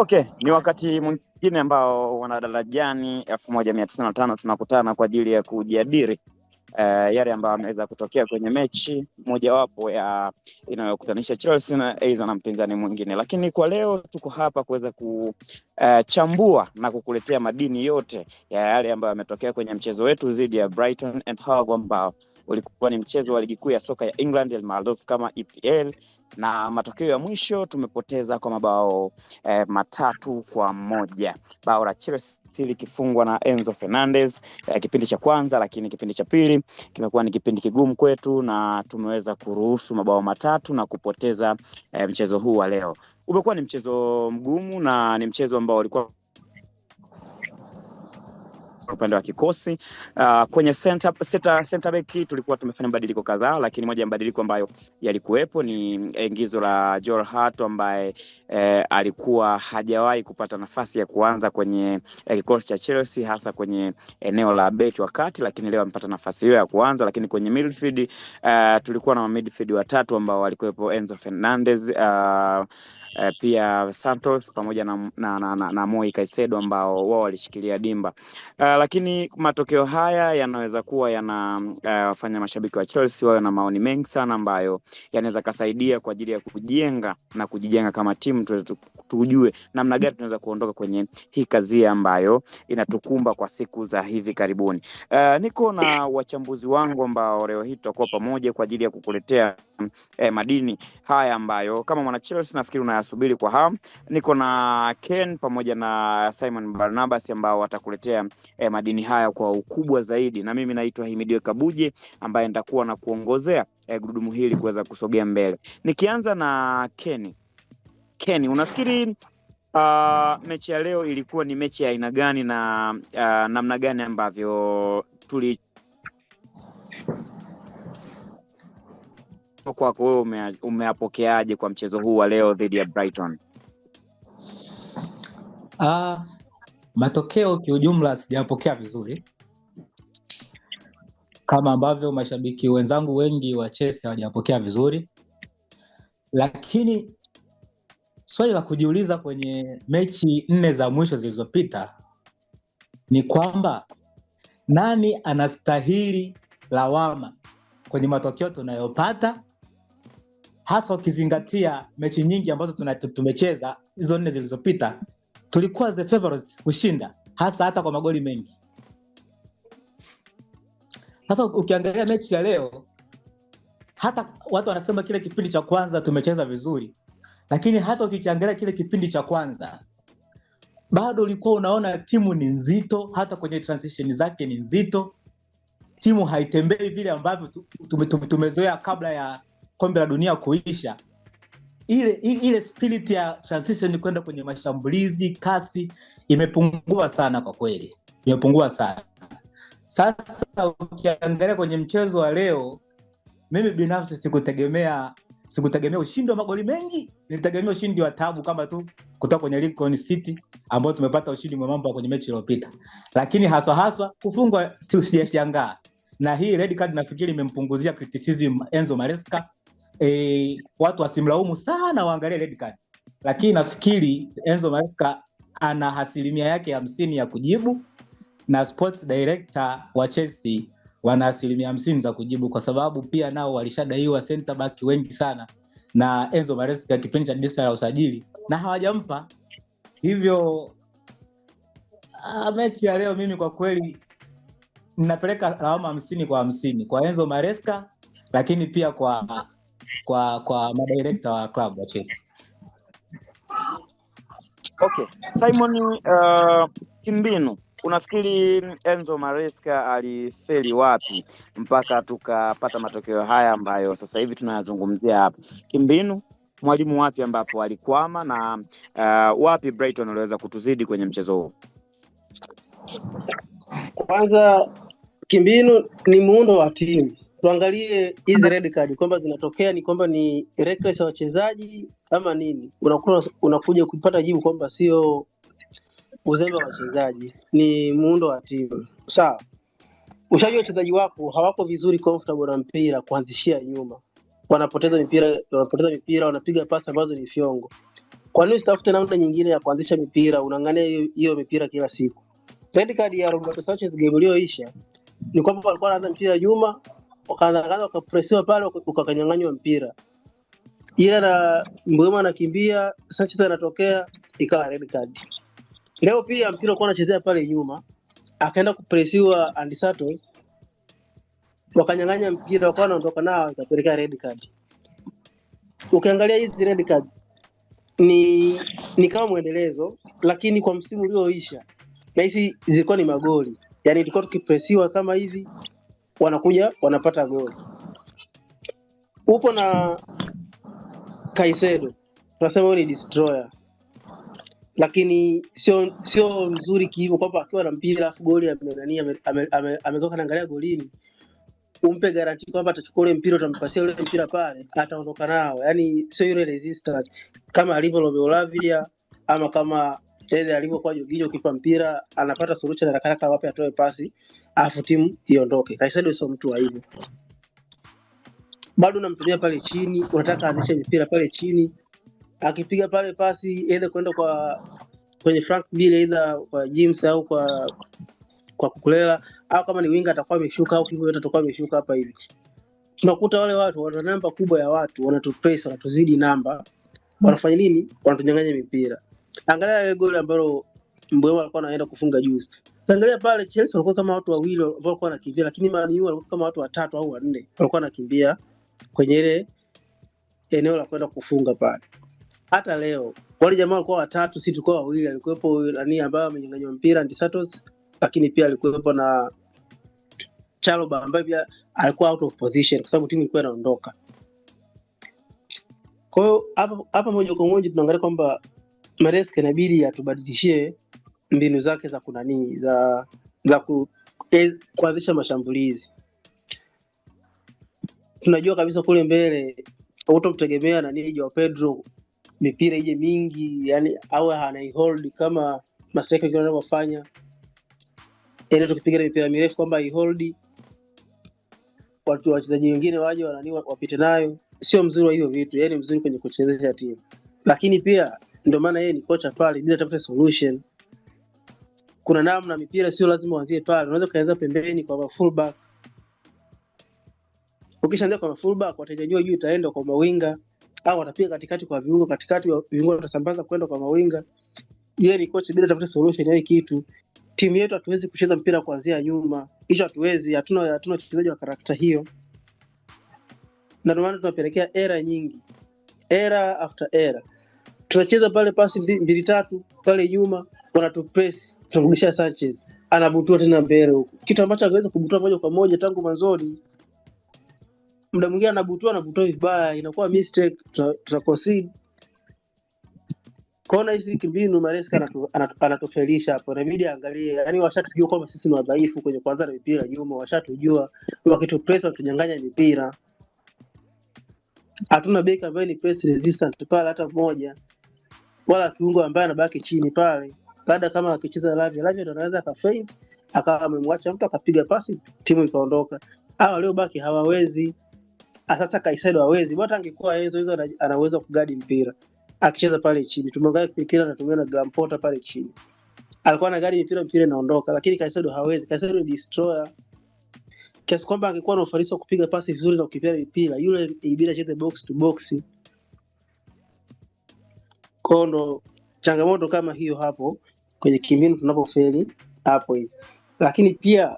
Okay, ni wakati mwingine ambao wanadarajani elfu moja mia tisa na tano tunakutana kwa ajili ya kujadili uh, eh, yale ambayo ameweza kutokea kwenye mechi mojawapo ya inayokutanisha Chelsea na Aza na mpinzani mwingine, lakini kwa leo tuko hapa kuweza kuchambua eh, uh, na kukuletea madini yote ya yale ambayo yametokea kwenye mchezo wetu dhidi ya Brighton and Hove ambao ulikuwa ni mchezo wa ligi kuu ya soka ya England almaarufu kama EPL, na matokeo ya mwisho tumepoteza kwa mabao eh, matatu kwa moja, bao la Chelsea likifungwa na Enzo Fernandez eh, kipindi cha kwanza, lakini kipindi cha pili kimekuwa ni kipindi kigumu kwetu na tumeweza kuruhusu mabao matatu na kupoteza eh, mchezo huu wa leo. Umekuwa ni mchezo mgumu na ni mchezo ambao ulikuwa upande wa kikosi uh, kwenye center, center, center back tulikuwa tumefanya mabadiliko kadhaa, lakini moja ya mabadiliko ambayo yalikuwepo ni ingizo la Joel Hart ambaye eh, alikuwa hajawahi kupata nafasi ya kuanza kwenye eh, kikosi cha Chelsea hasa kwenye eneo la beki wa kati, lakini leo amepata nafasi hiyo ya kuanza. Lakini kwenye midfield uh, tulikuwa na midfield watatu ambao walikuwepo Enzo Fernandez uh, uh, pia Santos pamoja na, na, na, na, na Moi Kaisedo ambao wao walishikilia dimba uh, lakini matokeo haya yanaweza kuwa yanawafanya eh, uh, mashabiki wa Chelsea wawe na maoni mengi sana ambayo yanaweza kasaidia kwa ajili ya kujenga na kujijenga kama timu, tuweze tujue namna gani tunaweza kuondoka kwenye hii kazi ambayo inatukumba kwa siku za hivi karibuni. Uh, niko na wachambuzi wangu ambao leo hii tutakuwa pamoja kwa ajili ya kukuletea eh, madini haya ambayo kama mwana Chelsea nafikiri una nasubiri kwa hamu. Niko na Ken pamoja na Simon Barnabas ambao watakuletea eh, madini haya kwa ukubwa zaidi, na mimi naitwa Himidio Kabuje ambaye nitakuwa na kuongozea eh, gurudumu hili kuweza kusogea mbele, nikianza na Ken. Ken, unafikiri Uh, mechi ya leo ilikuwa ni mechi ya aina gani na uh, namna gani ambavyo tuli kwako wewe ume, umeapokeaje kwa mchezo huu wa leo dhidi ya Brighton? Uh, matokeo kiujumla sijayapokea vizuri kama ambavyo mashabiki wenzangu wengi wa chese hawajapokea vizuri, lakini swali la kujiuliza kwenye mechi nne za mwisho zilizopita ni kwamba nani anastahili lawama kwenye matokeo tunayopata hasa ukizingatia mechi nyingi ambazo tumecheza hizo nne zilizopita, tulikuwa the favorites kushinda hasa hata kwa magoli mengi. Sasa ukiangalia mechi ya leo, hata watu wanasema kile kipindi cha kwanza tumecheza vizuri, lakini hata ukikiangalia kile kipindi cha kwanza bado ulikuwa unaona timu ni nzito, hata kwenye transition zake ni nzito. Timu haitembei vile ambavyo tumezoea kabla ya kombe la dunia kuisha, ile ile spirit ya transition kwenda kwenye mashambulizi, kasi imepungua sana kwa kweli, imepungua sana. Sasa ukiangalia kwenye mchezo wa leo, mimi binafsi sikutegemea sikutegemea ushindi wa magoli mengi, nilitegemea ushindi wa tabu kama tu kutoka kwenye Lincoln City ambao tumepata ushindi mwembamba kwenye mechi iliyopita, lakini haswa haswa kufungwa sijashangaa, na hii red card nafikiri imempunguzia criticism Enzo Maresca e, watu wasimlaumu sana, waangalie red card, lakini nafikiri Enzo Maresca ana asilimia yake hamsini ya, ya kujibu na sports director wa Chelsea wana asilimia hamsini za kujibu, kwa sababu pia nao walishadaiwa center back wengi sana na Enzo Maresca kipindi cha dirisha la usajili na hawajampa. Hivyo a, ah, mechi ya leo, mimi kwa kweli ninapeleka lawama hamsini kwa hamsini kwa Enzo Maresca, lakini pia kwa kwa kwa madirekta wa club wa Chelsea. Okay, Simon uh, kimbinu unafikiri Enzo Maresca alifeli wapi mpaka tukapata matokeo haya ambayo sasa hivi tunayazungumzia hapa? Kimbinu, mwalimu wapi ambapo alikwama na uh, wapi Brighton aliweza kutuzidi kwenye mchezo huu? Kwanza kimbinu ni muundo wa timu tuangalie hizi red card kwamba zinatokea ni kwamba ni reckless ya wachezaji ama nini? Unakuwa unakuja kupata jibu kwamba sio uzembe wa wachezaji, ni muundo wa timu. Sawa, ushaji wa wachezaji wako hawako vizuri comfortable na mpira kuanzishia nyuma, wanapoteza mipira, wanapoteza mipira, wanapiga pasi ambazo ni fyongo. Kwa nini usitafute namna nyingine ya kuanzisha mipira, unaangania hiyo mipira kila siku? Red card ya Roberto Sanchez game iliyoisha ni kwamba walikuwa wanaanza mpira nyuma wakaanzakaza wakapresiwa pale ukakanyanganywa mpira, ila na Mbeumo anakimbia, Sanchez anatokea, ikawa red card. Leo pia mpira ukuwa anachezea pale nyuma, akaenda kupresiwa Andy wakanyang'anya mpira, wakawa wanaondoka nao, ikapelekea red card. Ukiangalia hizi red card ni ni kama mwendelezo, lakini kwa msimu ulioisha nahisi zilikuwa ni magoli, yani tulikuwa tukipresiwa kama hivi wanakuja wanapata goli. Upo na Kaisedo, tunasema huyo ni destroyer, lakini sio sio mzuri kiivo kwamba akiwa na mpira afu goli amenani ametoka ame, naangalia golini umpe garanti kwamba atachukua ule mpira, utampasia ule mpira pale, ataondoka nao. Yani sio yule resistance kama alivyo Romeo Lavia ama kama Tete alivyokuwa Jorginho, kipa mpira anapata solution haraka haraka, wapi atoe pasi afu timu iondoke. Kaisaidi sio mtu wa hivyo, bado unamtumia pale chini, unataka aanishe mipira pale chini, akipiga pale pasi ile kwenda kwa kwenye Frank Bile, ila kwa James au kwa kwa Kukulela au kama ni winga atakuwa ameshuka au kivu yote atakuwa ameshuka hapa hivi. Tunakuta wale watu wana namba kubwa ya watu, wanatupesa, wanatuzidi namba, wanafanya nini? Wanatunyang'anya mipira. Angalia ile goli ambalo Mbeumo alikuwa anaenda kufunga juzi. Ukiangalia pale Chelsea walikuwa kama watu wawili ambao walikuwa wanakimbia, lakini Man U walikuwa kama watu watatu au wanne walikuwa wanakimbia kwenye ile eneo la kwenda kufunga pale. Hata leo wale jamaa walikuwa watatu, si tulikuwa wawili, alikuwepo nani ambaye amenyang'anywa mpira Di Santos, lakini pia alikuwepo na Chaloba ambaye pia alikuwa out of position kwa sababu timu ilikuwa inaondoka. Kwa hiyo hapa hapa moja kwa moja tunaangalia kwamba Maresca inabidi atubadilishie mbinu zake za kunanii za za ku, eh, kuanzisha mashambulizi. Tunajua kabisa kule mbele utomtegemea nani Joao Pedro mipira ije mingi, yani awe anaihold kama masteka wengine wanavyofanya, ile yaani tukipiga mipira mirefu kwamba aihold watu wachezaji wengine waje wanani wapite nayo. Sio mzuri wa hivyo vitu, yeye ni mzuri kwenye kuchezesha timu, lakini pia ndio maana yeye ni kocha pale, bila tafuta solution kuna namna mipira sio lazima uanzie pale, unaweza ukaanza pembeni kwa fullback. Ukishaanza kwa fullback, watajua juu itaenda kwa mawinga au watapiga katikati kwa viungo, katikati viungo watasambaza kwenda kwa mawinga. Yeye ni kocha, bila tafuta solution ya kitu. Timu yetu hatuwezi kucheza mpira kuanzia nyuma, hicho hatuwezi, hatuna hatuna wachezaji wa karakta hiyo, na ndio maana tunapelekea era nyingi, era after era. Tunacheza pale pasi mbili tatu pale nyuma, wanatupress tunarudisha Sanchez, anabutua tena mbele huku, kitu ambacho angeweza kubutua moja kwa moja tangu mwanzoni. Muda mwingine anabutua anabutua vibaya, inakuwa mistake, tunaconcede kona hizi kimbinu. Maresca anatufelisha hapo, inabidi aangalie. Yani washatujua kwamba sisi ni wadhaifu kwenye kuanza na mipira nyuma, washatujua wakitupress wanatunyang'anya mipira. Hatuna beki ambaye ni press resistant pale hata mmoja, wala kiungo ambaye anabaki chini pale labda kama akicheza Lavia, Lavia ndo anaweza akafeint, akawa amemwacha mtu akapiga pasi timu ikaondoka. Hawa waliobaki hawawezi. Ah, sasa Kaisedo hawezi, bora angekuwa hizo hizo wa kugadi mpira akicheza pale chini. Tumeangalia kipindi kile anatumia na Gampota pale chini, alikuwa anagadi mpira, mpira inaondoka, lakini Kaisedo hawezi. Kaisedo ni destroyer kiasi kwamba angekuwa na ufanisi wa kupiga pasi vizuri na kukipia mipira, yule ibira cheze box to box. Kondo changamoto kama hiyo hapo kwenye kimbinu tunapofeli hapo hivi, lakini pia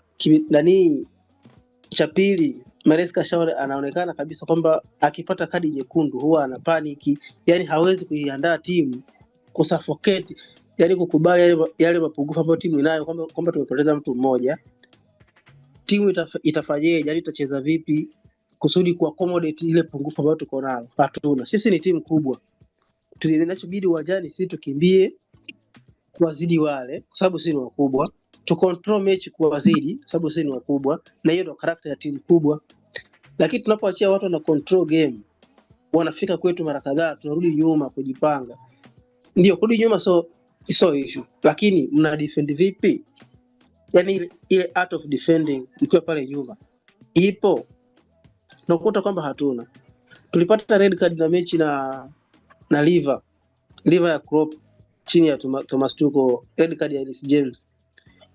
nani, cha pili Mares Kashauri anaonekana kabisa kwamba akipata kadi nyekundu huwa ana paniki, yani hawezi kuiandaa timu kusufocate, yani kukubali yale, yale mapungufu ambayo timu inayo kwamba, kwamba tumepoteza mtu mmoja, timu itaf, itafanyeje, yani itacheza vipi kusudi ku accommodate ile pungufu ambayo tuko nayo. Hatuna sisi, ni timu kubwa, tunachobidi uwanjani sisi tukimbie tuwazidi wale, kwa sababu sisi ni wakubwa, tu control mechi kuwazidi, sababu sisi ni wakubwa, na hiyo ndio character ya timu kubwa. Lakini tunapoachia watu na control game, wanafika kwetu mara kadhaa, tunarudi nyuma kujipanga. Ndio kurudi nyuma, so so issue, lakini mna defend vipi? Yani ile ile art of defending ikiwa pale nyuma ipo, nakuta kwamba hatuna. Tulipata red card na mechi na na liver liver ya crop chini ya Thomas Tuchel, red card ya Reece James.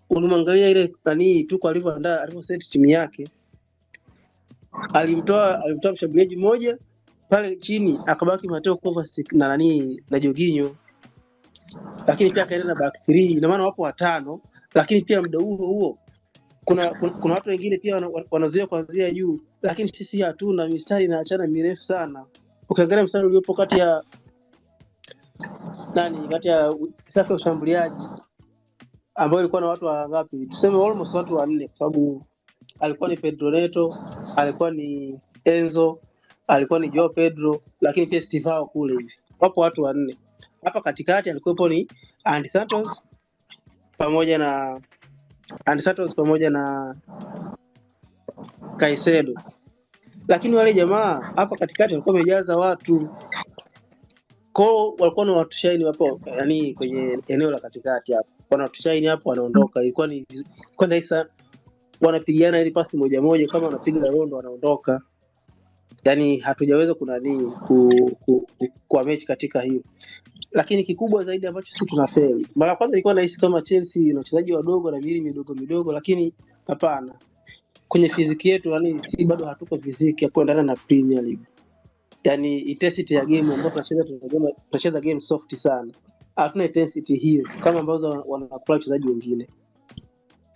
Ulimwangalia ile nani Tuchel alivyoandaa alivyoset timu yake, alimtoa alimtoa mshambuliaji mmoja pale chini akabaki Mateo Kovacic na nani na Jorginho, lakini pia akaenda na back 3, ina maana wapo watano. Lakini pia muda huo huo kuna kuna, kuna watu wengine pia wanazoea kuanzia juu, lakini sisi hatuna mistari na achana mirefu sana. Ukiangalia mstari uliopo kati ya nani kati ya safu ya ushambuliaji ambayo ilikuwa na watu wangapi? Tuseme almost watu wanne, kwa sababu alikuwa ni Pedro Neto, alikuwa ni Enzo, alikuwa ni Joao Pedro, lakini pia Stivao kule hivi, wapo watu wanne. Hapa katikati alikuwepo ni Andy Santos pamoja na Andy Santos pamoja na Caicedo, lakini wale jamaa hapa katikati walikuwa wamejaza watu kwao walikuwa na watu shaini hapo, yani kwenye eneo la katikati hapo, kwa watu shaini hapo, wanaondoka. Ilikuwa ni kwa ndai wanapigana ili pasi moja moja, kama wanapiga rondo wanaondoka. Yani hatujaweza kuna nini ku, ku, ku, kwa mechi katika hiyo, lakini kikubwa zaidi ambacho sisi tunafeli, mara ya kwanza ilikuwa nahisi kama Chelsea na wachezaji wadogo na miili midogo midogo, lakini hapana, kwenye fiziki yetu yani, si bado hatuko fiziki ya kuendana na Premier League yani intensity ya game ambayo tunacheza tunacheza game soft sana, hatuna intensity hiyo kama ambazo wanakula wachezaji wengine,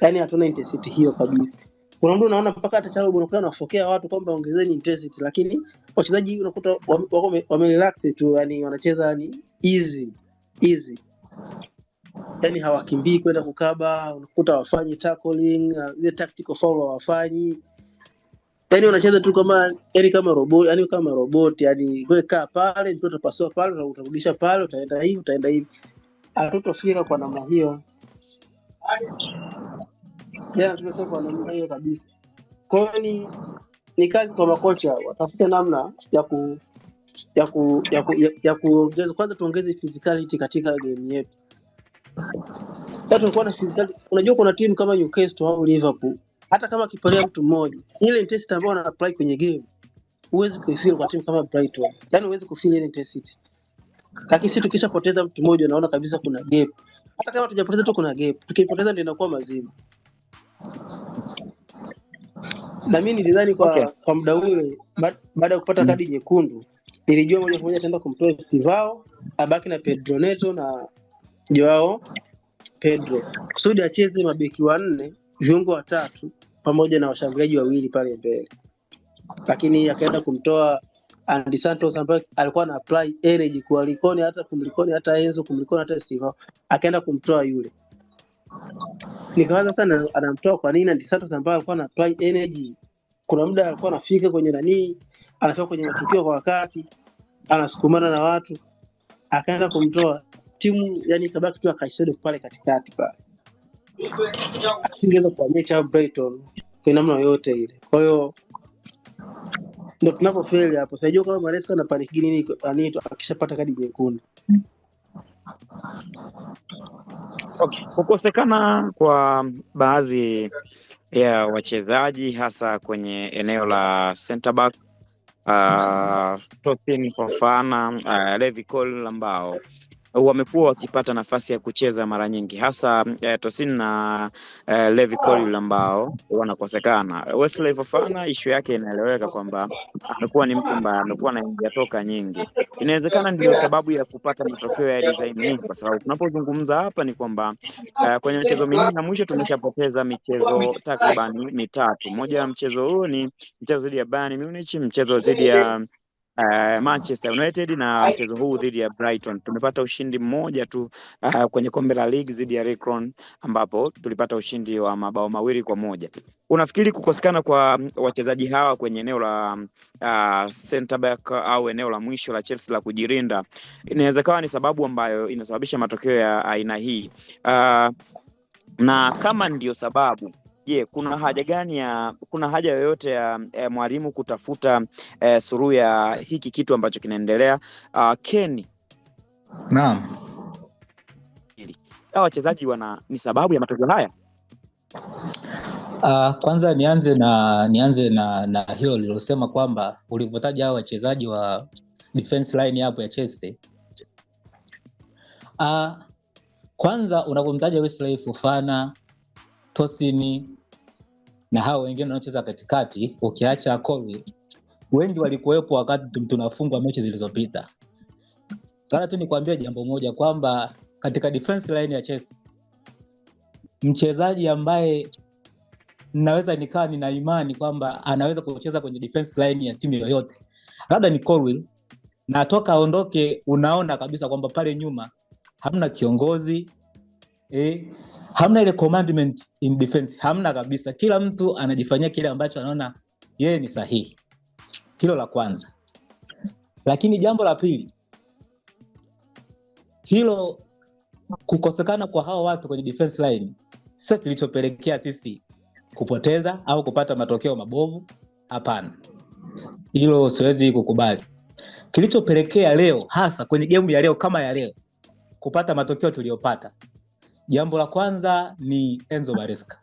yani hatuna intensity hiyo kabisa. Kuna mtu unaona mpaka hata Charles Bonokula anafokea watu kwamba ongezeni intensity, lakini wachezaji unakuta wako wamerelax tu, yani wanacheza yani easy easy, yani hawakimbii kwenda kukaba, unakuta hawafanyi tackling, uh, ile tactical foul hawafanyi yani unacheza tu kama yani yaani kama robot yani kama robot yani wewe kaa pale, mtu utapasua pale, utarudisha pale, utaenda hivi, utaenda hivi, hatutofika kwa namna hiyo yeah, tumetoka kwa namna hiyo kabisa. Kwa hiyo ni ni kazi kwa makocha watafute namna ya ku ya ku ya ku, ya, ya ku kwanza, tuongeze physicality katika game yetu. Sasa tulikuwa na physicality, unajua kuna timu kama Newcastle au Liverpool hata kama akipolea mtu mmoja, ile intensity ambayo ana apply kwenye game huwezi kuifeel kwa timu kama Brighton, yani huwezi kufeel ile intensity. Lakini sisi tukishapoteza mtu mmoja, naona kabisa kuna gap. Hata kama tujapoteza tu kuna gap, tukipoteza ndio inakuwa mazima. Na mimi nilidhani kwa, okay. kwa muda ule baada ya kupata mm. kadi nyekundu nilijua moja kwa moja ataenda kumtoa Estivao abaki na Pedro Neto na Joao Pedro kusudi acheze mabeki wanne viungo watatu pamoja na washambuliaji wawili pale mbele, lakini akaenda kumtoa Andy Santos ambaye alikuwa na apply energy kwa Likoni, hata kumlikoni hata Enzo kumlikoni hata Steve, akaenda kumtoa yule. Nikaanza sana anamtoa kwa nini Andy Santos ambaye alikuwa na apply energy. Kuna muda alikuwa anafika kwenye nani, anafika kwenye matukio kwa wakati, anasukumana na watu, akaenda kumtoa timu, yani kabaki tu akaishadi pale katikati pale asingeweza kuonyesha Brighton kwa namna yoyote ile. Kwa hiyo ndo tunapofeli hapo. Sijua kama Maresca anapaniki nini anito akishapata kadi nyekundu. Okay. Kukosekana kwa baadhi ya wachezaji hasa kwenye eneo la center back, uh, Tosin Fofana, uh, Levi Colwill ambao wamekuwa wakipata nafasi ya kucheza mara nyingi, hasa eh, Tosin na eh, Levi Colwill ambao wanakosekana. Wesley Fofana ishu yake inaeleweka kwamba amekuwa ni mtu ambaye amekuwa anaingia toka nyingi, inawezekana ndio sababu ya kupata matokeo ya design nyingi, kwa sababu tunapozungumza hapa ni kwamba eh, kwenye michezo mingine ya mwisho tumeshapoteza michezo takriban mitatu. Moja ya mchezo huo ni mchezo dhidi ya Bayern Munich, mchezo dhidi ya uh, Manchester United na mchezo huu dhidi ya Brighton. Tumepata ushindi mmoja tu uh, kwenye kombe la ligi dhidi ya Recron ambapo tulipata ushindi wa mabao mawili kwa moja. Unafikiri kukosekana kwa mm, wachezaji hawa kwenye eneo la uh, center back au eneo la mwisho la Chelsea la kujirinda inaweza kawa ni sababu ambayo inasababisha matokeo ya aina hii uh, na kama ndiyo sababu Je, yeah, kuna haja gani ya kuna haja yoyote ya, e, mwalimu kutafuta e, suluhu ya hiki kitu ambacho kinaendelea? Uh, Ken, naam, hawa wachezaji wana ni sababu ya matokeo haya. Uh, kwanza nianze na nianze na na hiyo lilosema kwamba ulivyotaja hao wachezaji wa defense line hapo ya Chelsea. Uh, kwanza unapomtaja Wesley Fofana Tosini na hao wengine wanaocheza katikati, ukiacha Kolwi, wengi walikuwepo wakati tunafungwa mechi zilizopita. Labda tu nikuambia jambo moja kwamba katika defense line ya Chelsea mchezaji ambaye naweza nikaa nina imani kwamba anaweza kucheza kwenye defense line ya timu yoyote labda ni Colwell, na toka aondoke, unaona kabisa kwamba pale nyuma hamna kiongozi eh, hamna ile commandment in defense, hamna kabisa. Kila mtu anajifanyia kile ambacho anaona yeye ni sahihi. Hilo la kwanza, lakini jambo la pili, hilo kukosekana kwa hawa watu kwenye defense line sio kilichopelekea sisi kupoteza au kupata matokeo mabovu. Hapana, hilo siwezi kukubali. Kilichopelekea leo hasa kwenye gemu ya leo kama ya leo kupata matokeo tuliyopata Jambo la kwanza ni Enzo Maresca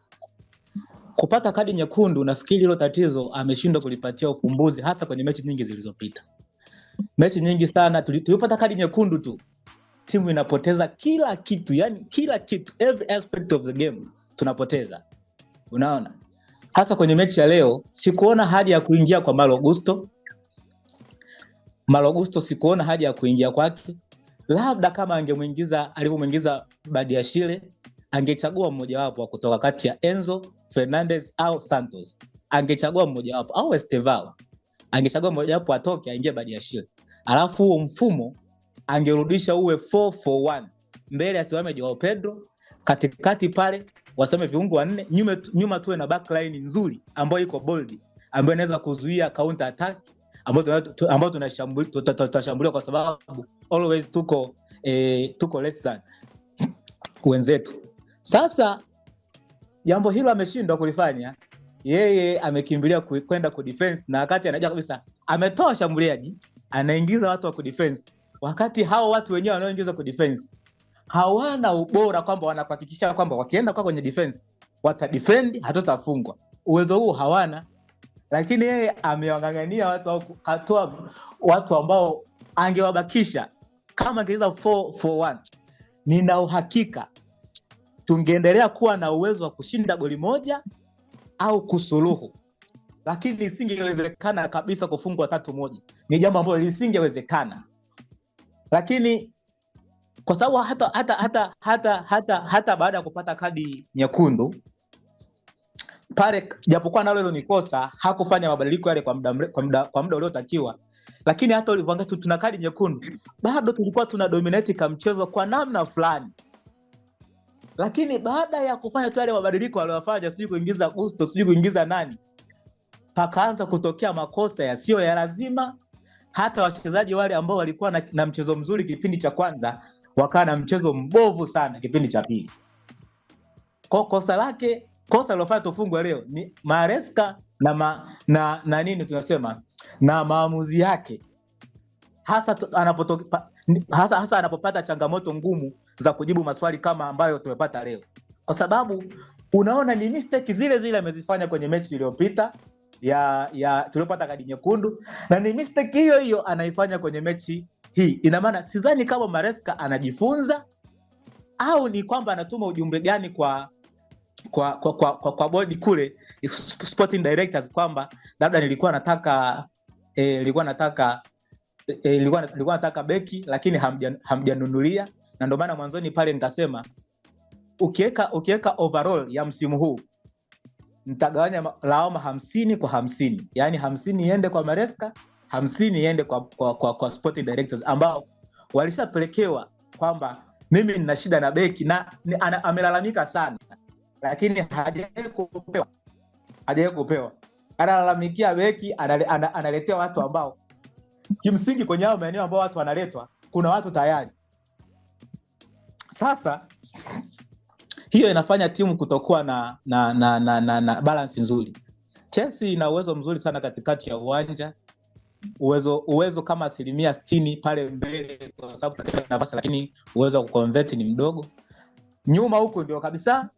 kupata kadi nyekundu. Nafikiri hilo tatizo ameshindwa kulipatia ufumbuzi, hasa kwenye mechi nyingi zilizopita. Mechi nyingi sana tulipata kadi nyekundu tu, timu inapoteza kila kitu, yani kila kitu, every aspect of the game tunapoteza. Unaona, hasa kwenye mechi ya leo sikuona haja ya kuingia kwa Malo Gusto. Malo Gusto sikuona haja ya kuingia kwake, labda kama angemuingiza alivyomuingiza Badiashile angechagua mmojawapo wa kutoka kati ya Enzo Fernandez au Santos, angechagua mmojawapo au estevala angechagua mmojawapo atoke aingie Badiashile, alafu huo mfumo angerudisha uwe 441 mbele asimame Joao Pedro, katikati pale wasome viungo wanne, nyuma nyuma tuwe na backline nzuri ambayo iko bold, ambayo inaweza kuzuia counter attack ambayo tunashambulia kwa sababu always tuko eh, tuko less than wenzetu. Sasa jambo hilo ameshindwa kulifanya, yeye amekimbilia kwenda kudefense, na wakati anajua kabisa ametoa shambuliaji, anaingiza watu wa kudefense, wakati hao watu wenyewe wanaoingiza kudefense hawana ubora kwamba wanakuhakikisha kwamba wakienda kwa kwenye defense watadefend, hatutafungwa. Uwezo huo hawana, lakini yeye amewang'ang'ania watu au katoa watu ambao angewabakisha kama angeweza 441 nina uhakika tungeendelea kuwa na uwezo wa kushinda goli moja au kusuluhu, lakini lisingewezekana kabisa kufungwa tatu moja. Ni jambo ambalo lisingewezekana, lakini kwa sababu hata, hata, hata, hata, hata, hata baada ya kupata kadi nyekundu pale, japokuwa nalo ilo ni kosa, hakufanya mabadiliko yale kwa muda kwa muda uliotakiwa, lakini hata ulivyoangalia tuna kadi nyekundu bado tulikuwa tuna dominate ka mchezo kwa namna fulani lakini baada ya kufanya tu yale mabadiliko aliyofanya sijui kuingiza gusto sijui kuingiza nani pakaanza kutokea makosa yasiyo ya lazima hata wachezaji wale ambao walikuwa na, na mchezo mzuri kipindi cha kwanza wakawa na mchezo mbovu sana kipindi cha pili kwa kosa lake kosa lilofanya tufungwe leo ni Maresca na, ma, na, na nini tunasema na maamuzi yake hasa anapoto, hasa, hasa anapopata changamoto ngumu za kujibu maswali kama ambayo tumepata leo, kwa sababu unaona ni mistake zile zile amezifanya kwenye mechi iliyopita ya ya tuliopata kadi nyekundu, na ni mistake hiyo hiyo anaifanya kwenye mechi hii. Ina maana sidhani kama Maresca anajifunza au ni kwamba anatuma ujumbe gani kwa kwa kwa, kwa, kwa, kwa bodi kule sporting directors kwamba labda nilikuwa nataka ilikuwa e, nataka e, nataka beki lakini hamjanunulia, na ndio maana mwanzoni pale nikasema ukiweka ukiweka overall ya msimu huu ntagawanya lawama hamsini kwa hamsini, yaani hamsini iende kwa Maresca, hamsini iende kwa, kwa, kwa, kwa sporting directors ambao walishapelekewa kwamba mimi nina shida na beki na amelalamika sana, lakini hajawai kupewa kupewa analalamikia beki, analetea watu ambao kimsingi kwenye ao maeneo ambao watu wanaletwa kuna watu tayari. Sasa hiyo inafanya timu kutokuwa na, na, na, na, na, na balansi nzuri. Chelsea ina uwezo mzuri sana katikati ya uwanja uwezo uwezo kama asilimia s pale mbele, kwa sababu nafasi, lakini uwezo wa kuconvert ni mdogo. Nyuma huku ndio kabisa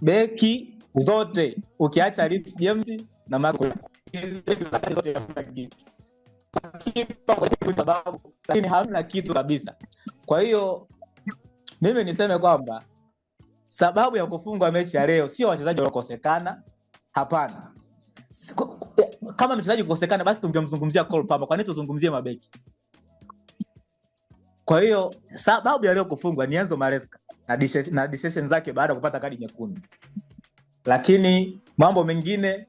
beki zote ukiacha James lakini hamna kitu kabisa. Kwa hiyo mimi niseme kwamba sababu ya kufungwa mechi ya leo sio wachezaji waliokosekana, hapana. Kama mchezaji kukosekana, basi tungemzungumzia Cole kwanii tuzungumzie mabeki? Kwa hiyo sababu ya leo kufungwa ni Enzo Maresca na zake baada ya kupata kadi nyekundu, lakini mambo mengine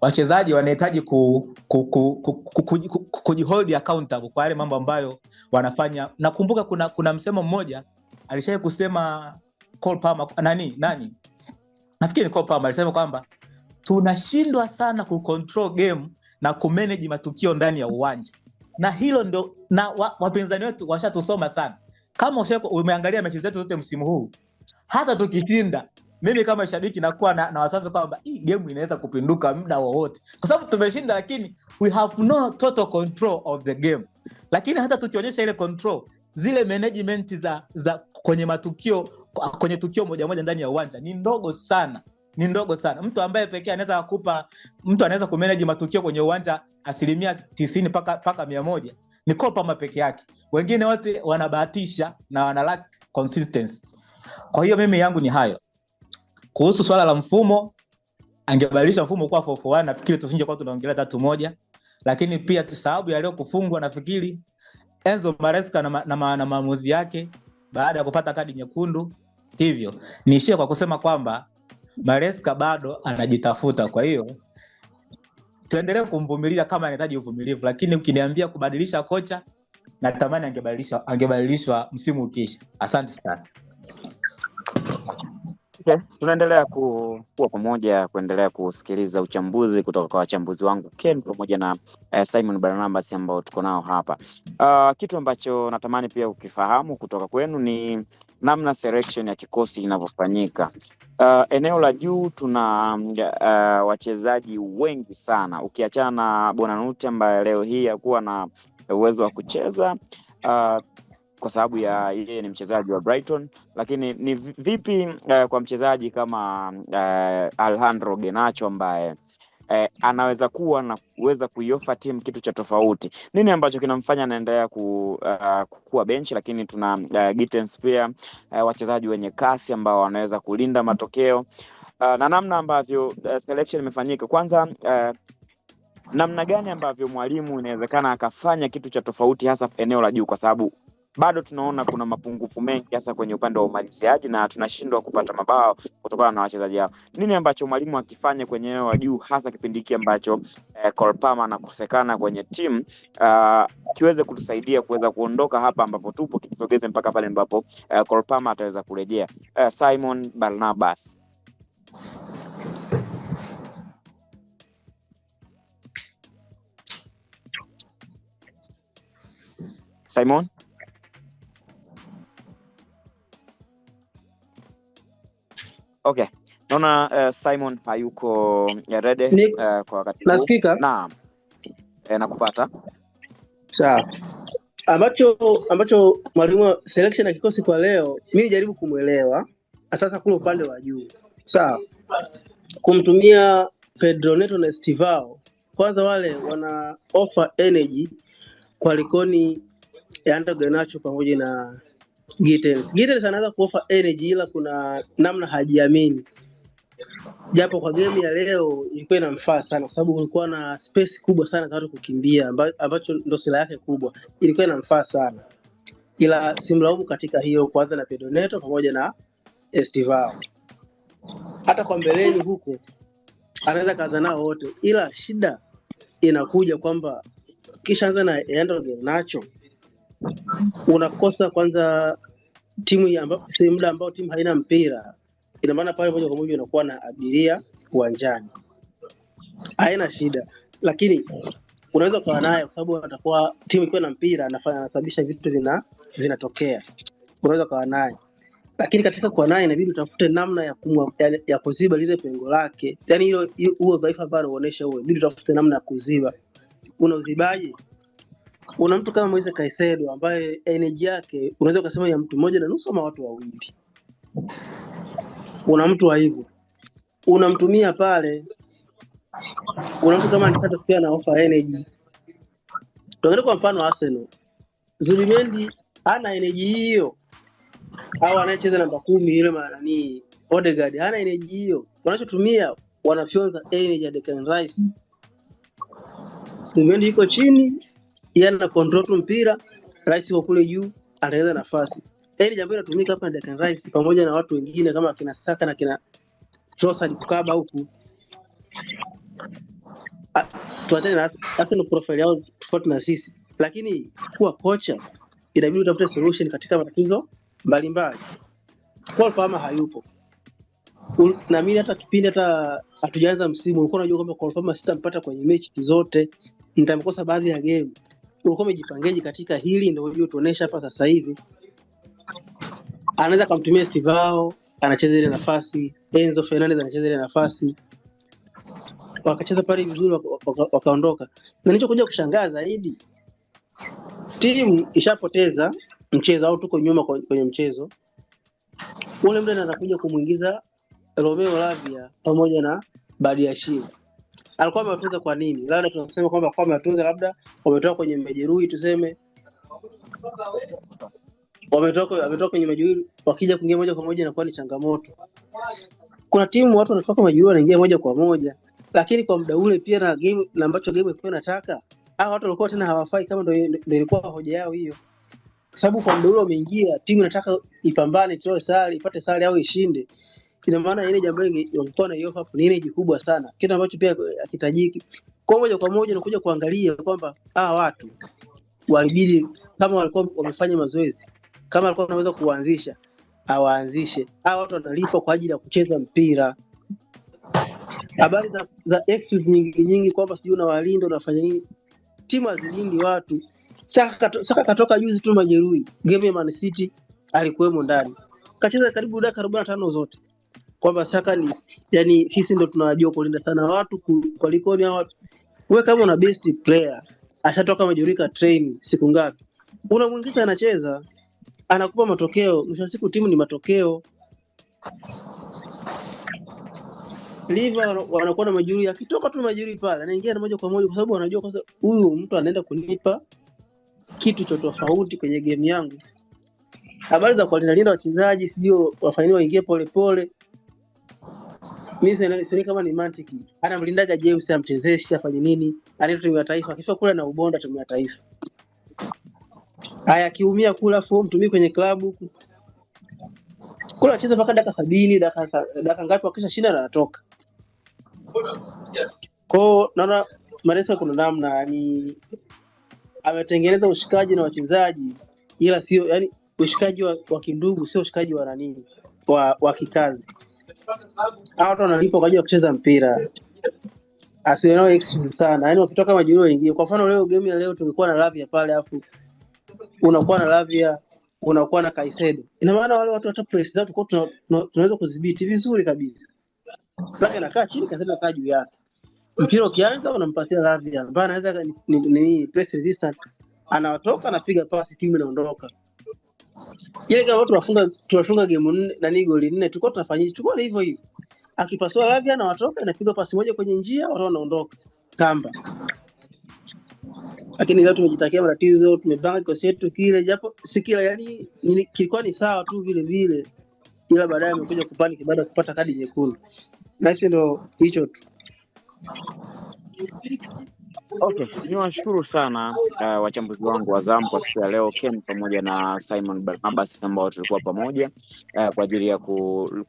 wachezaji wanahitaji ku, ku, ku, ku, ku, ku, ku, ku, kujihold accountable kwa yale mambo ambayo wanafanya. Nakumbuka kuna, kuna msemo mmoja alishai kusema Palmer, nani nani, nafikiri ni Palmer alisema kwamba tunashindwa sana ku game na kumanage matukio ndani ya uwanja, na hilo ndo na wa, wapinzani wetu washatusoma sana. Kama umeangalia mechi zetu zote msimu huu, hata tukishinda mimi kama shabiki nakuwa na, na wasasa kwamba hii gemu inaweza kupinduka mda wowote, kwa sababu tumeshinda, lakini we have no total control of the game. Lakini hata tukionyesha ile control, zile management za za kwenye matukio kwenye tukio moja moja ndani ya uwanja ni ndogo sana ni ndogo sana. Mtu ambaye pekee anaweza kukupa mtu anaweza kumanage matukio kwenye uwanja asilimia tisini mpaka mpaka mia moja ni Kopama peke yake, wengine wote wanabahatisha na wana lack consistency. Kwa hiyo mimi yangu ni hayo. Kuhusu swala la mfumo, angebadilisha mfumo kuwa 441, nafikiri tusingekuwa tunaongelea tatu moja, lakini pia sababu ya kufungwa, nafikiri Enzo Maresca na, na, na maamuzi yake baada ya kupata kadi nyekundu. Hivyo niishie kwa kusema kwamba Maresca bado anajitafuta, kwa hiyo tuendelee kumvumilia kama anahitaji uvumilivu, lakini ukiniambia kubadilisha kocha, natamani angebadilishwa angebadilishwa msimu ukiisha. Asante sana. Okay. Tunaendelea ku, kuwa pamoja kuendelea kusikiliza uchambuzi kutoka kwa wachambuzi wangu Ken pamoja na eh, Simon Barnabas ambao tuko nao hapa. Uh, kitu ambacho natamani pia ukifahamu kutoka kwenu ni namna selection ya kikosi inavyofanyika. Uh, eneo la juu tuna uh, wachezaji wengi sana ukiachana na Bonanuti ambaye leo hii hakuwa na uwezo wa kucheza uh, kwa sababu ya yeye ni mchezaji wa Brighton, lakini ni vipi uh, kwa mchezaji kama uh, Alejandro Garnacho ambaye Eh, anaweza kuwa na kuweza kuiofa timu kitu cha tofauti. Nini ambacho kinamfanya anaendelea ku, uh, eh, kuwa benchi, lakini tuna uh, Gittens pia uh, wachezaji wenye kasi ambao wanaweza kulinda matokeo uh, na namna ambavyo uh, selection imefanyika kwanza uh, namna gani ambavyo mwalimu inawezekana akafanya kitu cha tofauti hasa eneo la juu, kwa sababu bado tunaona kuna mapungufu mengi hasa kwenye upande wa umaliziaji na tunashindwa kupata mabao kutokana na wachezaji hao. Nini ambacho mwalimu akifanya kwenye eneo la juu, hasa kipindi hiki ambacho eh, Kolpama anakosekana kwenye timu uh, ah, kiweze kutusaidia kuweza kuondoka hapa ambapo tupo, kitugeze mpaka pale ambapo eh, Kolpama ataweza kurejea. Eh, Simon Barnabas Simon Okay, naona uh, Simon hayuko eh, rede uh, kwa wakati huu. E, nakupata. Sawa. Ambacho ambacho mwalimu selection ya kikosi kwa leo, mi nijaribu kumwelewa sasa kule upande wa juu, sawa, kumtumia Pedro Neto na stivao Kwanza wale wana offer energy kwa Likoni ya Andre Garnacho pamoja na Gittens. Gittens anaweza kuofa energy ila kuna namna hajiamini, japo kwa game ya leo ilikuwa inamfaa sana, kwa sababu kulikuwa na space kubwa sana za watu kukimbia, ambacho ndo sila yake kubwa, ilikuwa inamfaa sana, ila simlaumu katika hiyo kwanza, na Pedoneto pamoja na Estival. Hata kwa mbeleni huko anaweza kaza nao wote, ila shida inakuja kwamba kisha anza na Endogame nacho unakosa kwanza timu amba, muda ambao timu haina mpira, ina maana pale moja kwa moja unakuwa na abiria uwanjani, haina shida, lakini unaweza ukawa naye kwa sababu atakuwa timu ikiwa na mpira anasababisha vitu vina vinatokea, unaweza ukawa naye lakini katika kuwa naye inabidi utafute namna ya, kumwa, ya, ya kuziba lile pengo lake, yani hilo huo dhaifu ambalo uonesha huo, inabidi utafute namna ya kuziba. Unauzibaje? una mtu kama Moise Caicedo ambaye energy yake unaweza ukasema ya mtu mmoja na nusu ama watu wawili. Una mtu wa hivyo unamtumia pale, una mtu kama Antato pia na offer energy. Tuangalie kwa mfano Arsenal, Zubimendi ana energy hiyo, au anayecheza namba kumi ile maana ni Odegaard hana energy hiyo, wanachotumia wanafyonza energy ya Declan Rice. Zubimendi iko chini yeye ana control tu mpira, rais wa kule juu anaweza nafasi. Yaani jambo linatumika hapa na Declan Rice pamoja na watu wengine kama kina Saka na kina Trossard kukaba huku. Tuachane na hata ni profile yao tofauti na sisi. Lakini kuwa kocha inabidi utafute solution katika matatizo mbalimbali. Paul Palmer hayupo. Na Naamini hata kipindi hata hatujaanza msimu ulikuwa unajua kwamba Paul Palmer sitampata kwenye mechi zote, nitamkosa baadhi ya game ulikuwa umejipangeje katika hili, ndio tuonesha hapa sasa hivi. Anaweza akamtumia Stivao anacheza ile nafasi, Enzo Fernandez anacheza ile nafasi, wakacheza pale vizuri, wakaondoka. Waka na nichokuja kushangaa zaidi, timu ishapoteza mchezo au tuko nyuma kwenye mchezo ule, mda anakuja kumwingiza Romeo Lavia pamoja na Badiashile alikuwa amewatunza kwa nini? Labda tunasema kwamba kwa amewatunza, labda wametoka kwenye majeruhi, tuseme wametoka kwenye majeruhi, wakija kuingia moja kwa moja inakuwa ni changamoto. Kuna timu watu wanatoka majeruhi wanaingia moja kwa moja, lakini kwa muda ule pia na game na ambacho game ilikuwa inataka hao watu walikuwa tena hawafai, kama ndio ilikuwa hoja yao hiyo, kwa sababu kwa muda ule umeingia, timu inataka ipambane, itoe sare, ipate sare au ishinde ina maana ile jambo hili walikuwa na hiyo hapo ni ile kubwa sana, kitu ambacho pia hakitajiki. Kwa moja kwa moja Nakuja kuangalia kwamba hawa watu walibidi, kama walikuwa wamefanya mazoezi, kama walikuwa wanaweza kuanzisha, awaanzishe. Hawa watu wanalipwa kwa ajili ya kucheza mpira. Habari za, za excuse nyingi nyingi kwamba sijui unawalinda unafanya nini, timu hazilindi watu. Saka, saka katoka juzi tu majeruhi, game ya Man City alikuwemo ndani, kacheza karibu dakika arobaini na tano zote kwamba Saka ni yani, sisi ndo tunawajua kulinda sana watu kulikoni hao watu. Wewe kama una best player ashatoka majorika train siku ngapi, unamwingiza anacheza, anakupa matokeo. Mwisho wa siku timu ni matokeo. Liva wanakuwa na majuri akitoka tu majuri pale anaingia na moja kwa moja, kwa sababu wanajua kwanza, huyu mtu anaenda kunipa kitu cha tofauti kwenye game yangu. Habari za kuwalindalinda wachezaji, sijui wafanyeni waingie polepole, mi kama ni mantiki. Anamlindaga James amchezeshi afanye nini? Anaitwa timu ya taifa, akifika kula na ubonda timu ya taifa. aya akiumia kula fomu tumii kwenye klabu kula, acheza mpaka dakika sabini dakika ngapi, wakisha shinda na anatoka kwao. Naona maresa kuna namna yani ametengeneza ushikaji na wachezaji, ila sio yani ushikaji wa, wa kindugu, sio ushikaji wa nanini wa, wa kikazi hawa watu wanalipa kwa ajili ya kucheza mpira, asielewe excuse sana, yaani wakitoka majeruhi wengine. Kwa mfano leo, game ya leo tungekuwa na Lavia pale, afu unakuwa na Lavia unakuwa na Kaisedo, ina maana wale watu hata press zao tulikuwa tunaweza kudhibiti vizuri kabisa. Lavia anakaa chini, Kaisedo anakaa juu yake, mpira ukianza unampatia Lavia ambaye anaweza ni, ni, ni press resistant, anawatoka anapiga pasi, timu inaondoka ile kama tunafunga tunafunga game nne nani goli nne, tulikuwa tunafanyaje? Tulikuwa na hivyo hivyo, akipasua Lavia na anawatoka, inapiga pasi moja kwenye njia, watu wanaondoka kamba. Lakini leo tumejitakia matatizo, tumepanga kikosi yetu kile, japo si kila yani kilikuwa ni sawa tu vile vile, ila baadaye amekuja kupani baada ya kupata kadi nyekundu, na hicho ndo hicho tu. Okay, niwashukuru sana uh, wachambuzi wangu wa zamu kwa siku ya leo Ken pamoja na Simon Barnabas ambao tulikuwa pamoja uh, kwa ajili ya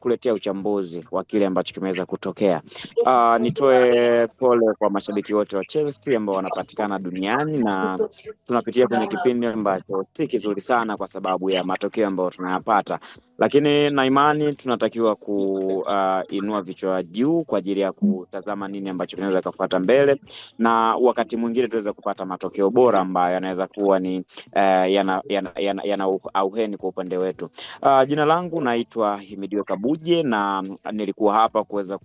kuletea uchambuzi wa kile ambacho kimeweza kutokea. Uh, nitoe pole kwa mashabiki wote wa Chelsea ambao wanapatikana duniani na tunapitia kwenye kipindi ambacho si kizuri sana kwa sababu ya matokeo ambayo tunayapata, lakini na imani tunatakiwa kuinua ah, uh, vichwa juu kwa ajili ya kutazama nini ambacho kinaweza kafuata mbele na wakati mwingine tuweze kupata matokeo bora ambayo yanaweza kuwa ni uh, yana, yana, yana, yana auheni kwa upande wetu. Uh, jina langu naitwa himidio Kabuje na nilikuwa hapa kuweza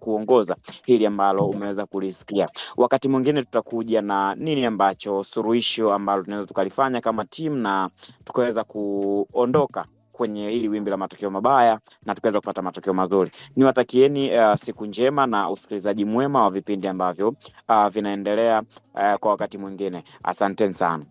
kuongoza hili ambalo umeweza kulisikia. Wakati mwingine tutakuja na nini ambacho suluhisho ambalo tunaweza tukalifanya kama timu na tukaweza kuondoka kwenye hili wimbi la matokeo mabaya na tukaweza kupata matokeo mazuri. Niwatakieni uh, siku njema na usikilizaji mwema wa vipindi ambavyo uh, vinaendelea uh, kwa wakati mwingine. Asanteni sana.